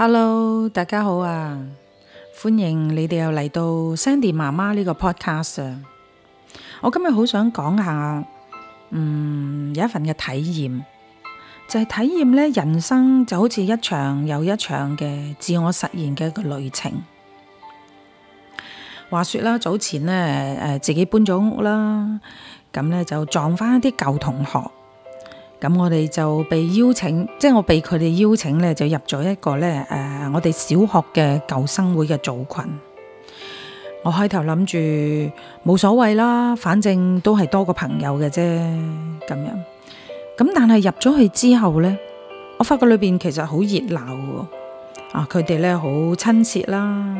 Hello，大家好啊！歡迎你哋又嚟到 Sandy 媽媽呢個 podcast 上。我今日好想講下，嗯，有一份嘅體驗，就係、是、體驗咧，人生就好似一場又一場嘅自我實現嘅一個旅程。話說啦，早前咧誒自己搬咗屋啦，咁咧就撞返一啲舊同學。咁我哋就被邀請，即係我被佢哋邀請咧，就入咗一個咧，誒、呃，我哋小學嘅舊生會嘅組群。我開頭諗住冇所謂啦，反正都係多個朋友嘅啫，咁樣。咁但係入咗去之後咧，我發覺裏面，其實好熱鬧噶啊，佢哋咧好親切啦，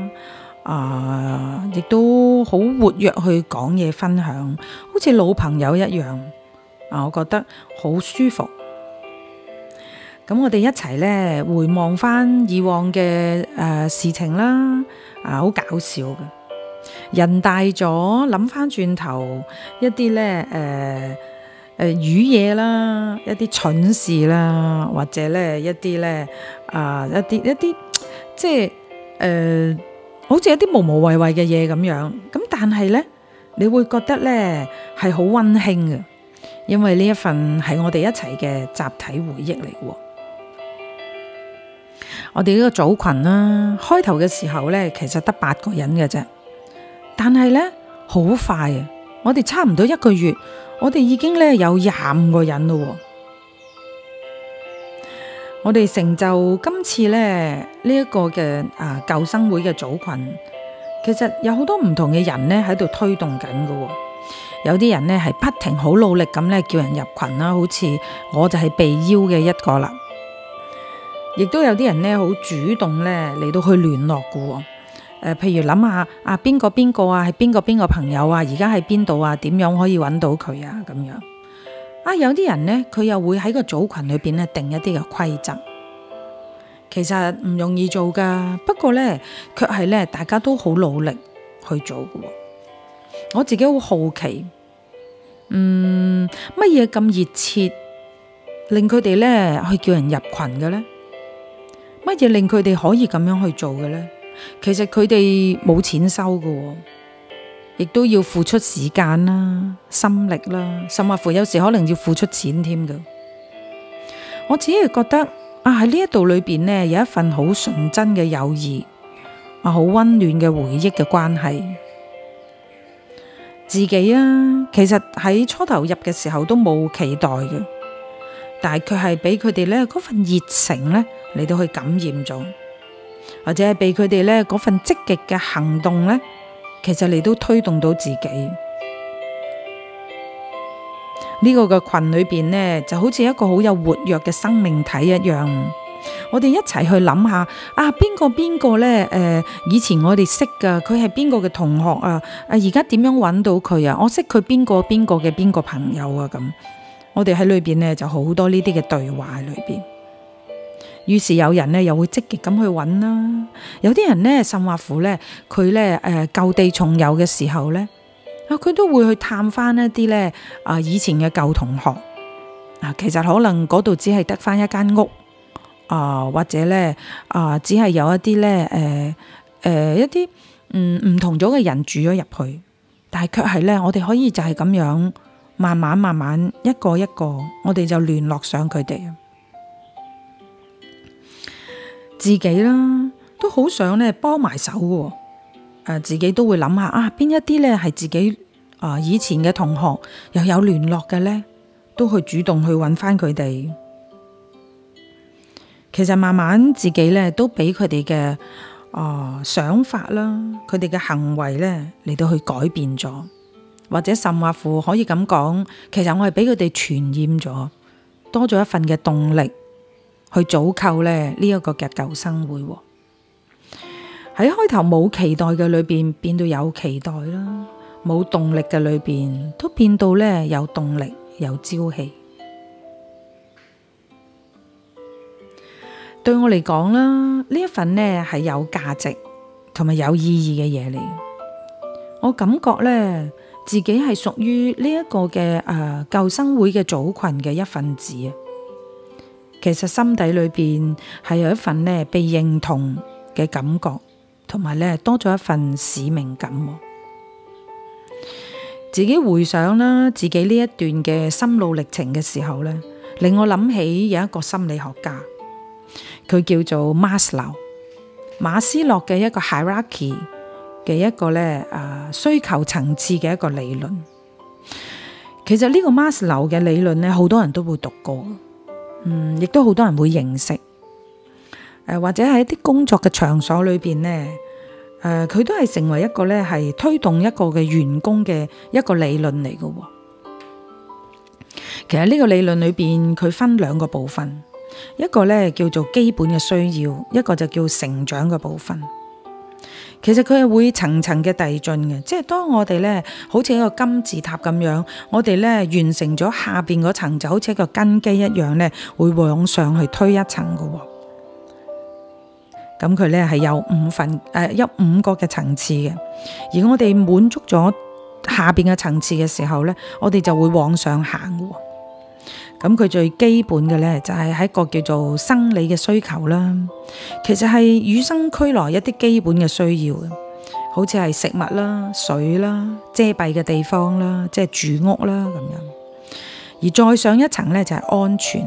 啊，亦都好活躍去講嘢、分享，好似老朋友一樣。啊，我覺得好舒服。咁我哋一齊咧回望翻以往嘅誒、呃、事情啦，啊好搞笑嘅。人大咗，諗翻轉頭一啲咧，誒誒愚嘢啦，一啲蠢事啦，或者咧一啲咧啊一啲一啲即係誒，好似一啲無無謂謂嘅嘢咁樣。咁但係咧，你會覺得咧係好溫馨嘅。因為呢一份係我哋一齊嘅集體回憶嚟嘅，我哋呢個組群啦，開頭嘅時候呢，其實得八個人嘅啫，但係呢，好快啊，我哋差唔多一個月，我哋已經呢有廿五個人咯，我哋成就今次咧呢一個嘅啊舊生會嘅組群，其實有好多唔同嘅人呢喺度推動緊嘅。有啲人呢係不停好努力咁呢叫人入群啦，好似我就係被邀嘅一個啦。亦都有啲人呢好主動呢嚟到去聯絡噶喎。呃，譬如諗下啊邊個邊個啊，係邊個邊個朋友啊，而家喺邊度啊，點樣可以揾到佢啊咁樣。啊，有啲人呢，佢又會喺個組群裏邊呢定一啲嘅規則。其實唔容易做噶，不過呢，卻係呢大家都好努力去做噶。我自己好好奇，嗯，乜嘢咁熱切令佢哋咧去叫人入群嘅咧？乜嘢令佢哋可以咁樣去做嘅咧？其實佢哋冇錢收噶，哦，亦都要付出時間啦、心力啦，甚或乎有時可能要付出錢添噶。我只係覺得啊，喺呢一度裏邊咧，有一份好純真嘅友誼，啊，好溫暖嘅回憶嘅關係。自己啊，其實喺初投入嘅時候都冇期待嘅，但係佢係俾佢哋咧嗰份熱情咧嚟到去感染咗，或者係俾佢哋咧嗰份積極嘅行動咧，其實嚟到推動到自己呢。這個嘅群裏邊咧，就好似一個好有活躍嘅生命體一樣。我哋一齊去諗下啊，邊個邊個咧？誒、呃，以前我哋識噶，佢係邊個嘅同學啊？啊，而家點樣搵到佢啊？我識佢邊個邊個嘅邊個朋友啊？咁，我哋喺裏邊咧就好多呢啲嘅對話喺裏邊。於是有人咧又會積極咁去搵啦、啊，有啲人咧甚或乎咧，佢咧誒舊地重遊嘅時候咧啊，佢都會去探翻一啲咧啊以前嘅舊同學啊。其實可能嗰度只係得翻一間屋。啊、呃，或者咧啊、呃，只係有一啲咧，誒、呃、誒、呃，一啲嗯唔同咗嘅人住咗入去，但係卻係咧，我哋可以就係咁樣，慢慢慢慢一個一個，我哋就聯絡上佢哋自己啦，都好想咧幫埋手嘅，自己都會諗下啊，邊一啲咧係自己啊、呃、以前嘅同學又有聯絡嘅咧，都去主動去搵返佢哋。其實慢慢自己咧都俾佢哋嘅啊想法啦，佢哋嘅行為咧嚟到去改變咗，或者甚或乎可以咁講，其實我係俾佢哋傳染咗，多咗一份嘅動力去組構咧呢一、這個嘅舊生會喎。喺開頭冇期待嘅裏邊變到有期待啦，冇動力嘅裏邊都變到咧有動力有朝氣。對我嚟講啦，呢一份咧係有價值同埋有意義嘅嘢嚟。我感覺咧自己係屬於呢一個嘅誒舊生會嘅組群嘅一份子啊。其實心底裏邊係有一份咧被認同嘅感覺，同埋咧多咗一份使命感。自己回想啦，自己呢一段嘅心路歷程嘅時候咧，令我諗起有一個心理學家。佢叫做 Maslow，馬斯洛，馬斯洛嘅一個 Hierarchy 嘅一個咧誒、呃、需求層次嘅一個理論。其實呢個馬斯洛嘅理論咧，好多人都會讀過，嗯，亦都好多人會認識。誒、呃、或者喺一啲工作嘅場所裏邊咧，誒、呃、佢都係成為一個咧係推動一個嘅員工嘅一個理論嚟嘅。其實呢個理論裏邊，佢分兩個部分。一個咧叫做基本嘅需要，一個就叫成長嘅部分。其實佢係會層層嘅遞進嘅，即係當我哋咧好似一個金字塔咁樣，我哋咧完成咗下邊嗰層，就好似一個根基一樣咧，會往上去推一層噶、哦。咁佢咧係有五份誒，一、呃、五個嘅層次嘅。而我哋滿足咗下邊嘅層次嘅時候咧，我哋就會往上行噶、哦。咁佢最基本嘅咧就係喺個叫做生理嘅需求啦，其實係與生俱來一啲基本嘅需要，好似係食物啦、水啦、遮蔽嘅地方啦，即係住屋啦咁樣。而再上一層咧就係安全，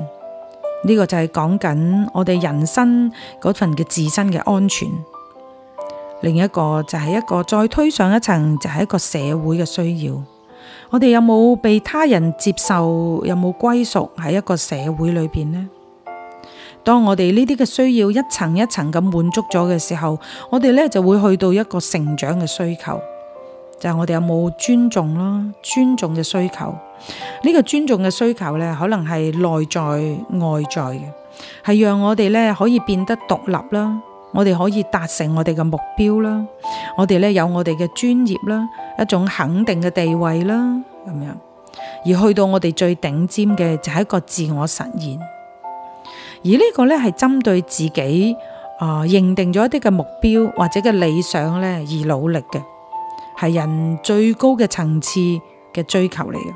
呢個就係講緊我哋人生嗰份嘅自身嘅安全。另一個就係一個再推上一層就係一個社會嘅需要。我哋有冇被他人接受？有冇歸屬喺一個社會裏邊呢？當我哋呢啲嘅需要一層一層咁滿足咗嘅時候，我哋咧就會去到一個成長嘅需求，就係我哋有冇尊重啦，尊重嘅需求。呢個尊重嘅需求咧，可能係內在外在嘅，係讓我哋咧可以變得獨立啦。我哋可以達成我哋嘅目標啦，我哋咧有我哋嘅專業啦，一種肯定嘅地位啦，咁樣而去到我哋最頂尖嘅就係一個自我實現，而個呢個咧係針對自己啊，呃，認定咗一啲嘅目標或者嘅理想咧而努力嘅，係人最高嘅層次嘅追求嚟嘅。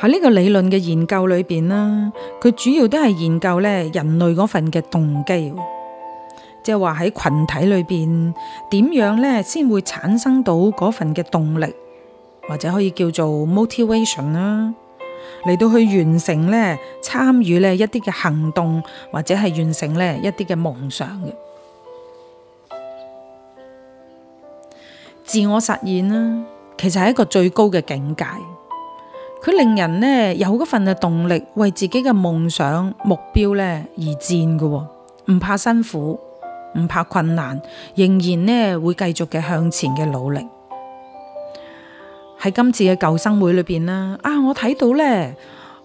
喺呢個理論嘅研究裏邊啦，佢主要都係研究咧人類嗰份嘅動機，即係話喺群體裏邊點樣咧先會產生到嗰份嘅動力，或者可以叫做 motivation 啦，嚟到去完成咧參與咧一啲嘅行動，或者係完成咧一啲嘅夢想嘅自我實現啦，其實係一個最高嘅境界。佢令人咧有嗰份嘅動力，為自己嘅夢想、目標咧而戰嘅喎，唔怕辛苦，唔怕困難，仍然咧會繼續嘅向前嘅努力。喺今次嘅舊生會裏邊啦，啊，我睇到咧，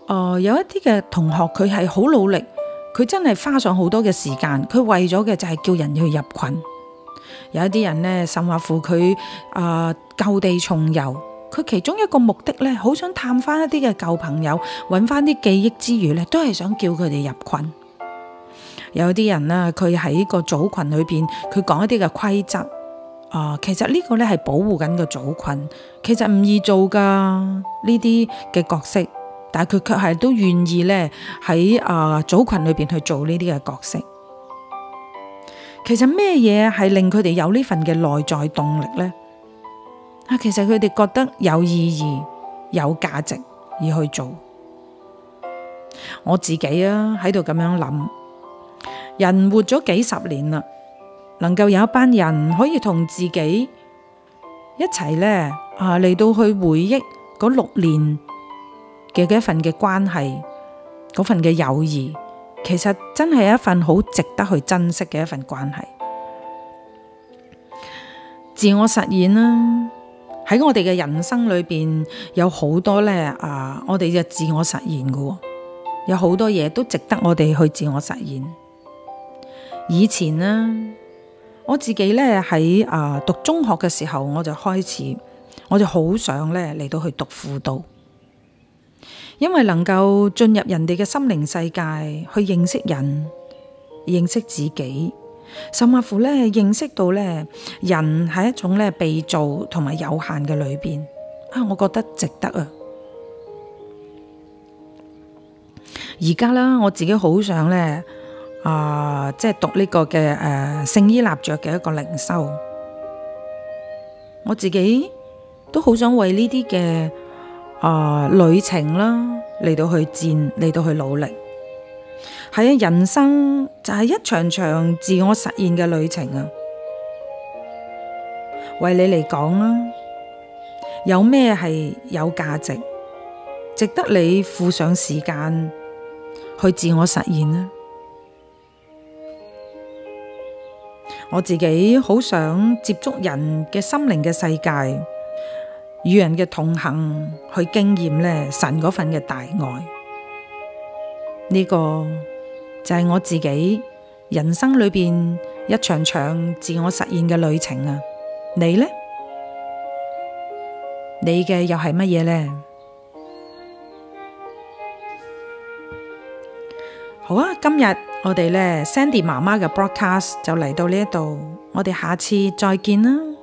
誒、呃，有一啲嘅同學佢係好努力，佢真係花上好多嘅時間，佢為咗嘅就係叫人去入群。有一啲人咧，甚或乎佢誒舊地重遊。佢其中一個目的咧，好想探翻一啲嘅舊朋友，揾翻啲記憶之餘咧，都係想叫佢哋入群。有啲人啦，佢喺個組群裏邊，佢講一啲嘅規則啊，其實呢個咧係保護緊個組群，其實唔易做噶呢啲嘅角色，但係佢卻係都願意咧喺啊組群裏邊去做呢啲嘅角色。其實咩嘢係令佢哋有呢份嘅內在動力咧？啊！其實佢哋覺得有意義、有價值而去做。我自己啊，喺度咁樣諗，人活咗幾十年啦，能夠有一班人可以同自己一齊咧啊，嚟到去回憶嗰六年嘅嗰一份嘅關係，嗰份嘅友誼，其實真係一份好值得去珍惜嘅一份關係，自我實現啦、啊。喺我哋嘅人生裏邊，有好多咧啊，我哋就自我實現嘅，有好多嘢都值得我哋去自我實現。以前呢，我自己咧喺啊讀中學嘅時候，我就開始，我就好想咧嚟到去讀輔導，因為能夠進入人哋嘅心靈世界，去認識人，認識自己。甚至乎咧認識到咧人喺一種咧被造同埋有限嘅裏邊啊，我覺得值得啊！而家啦，我自己好想咧啊，即、呃、係讀呢個嘅誒、呃、聖依納爵嘅一個靈修，我自己都好想為呢啲嘅啊旅程啦嚟到去戰，嚟到去努力。係啊，人生就係一場場自我實現嘅旅程啊。為你嚟講啊，有咩係有價值，值得你付上時間去自我實現呢？我自己好想接觸人嘅心靈嘅世界，與人嘅同行去經驗呢神嗰份嘅大愛。呢個就係我自己人生裏邊一場場自我實現嘅旅程啊！你呢？你嘅又係乜嘢呢？好啊，今日我哋咧 Sandy 媽媽嘅 broadcast 就嚟到呢一度，我哋下次再見啦！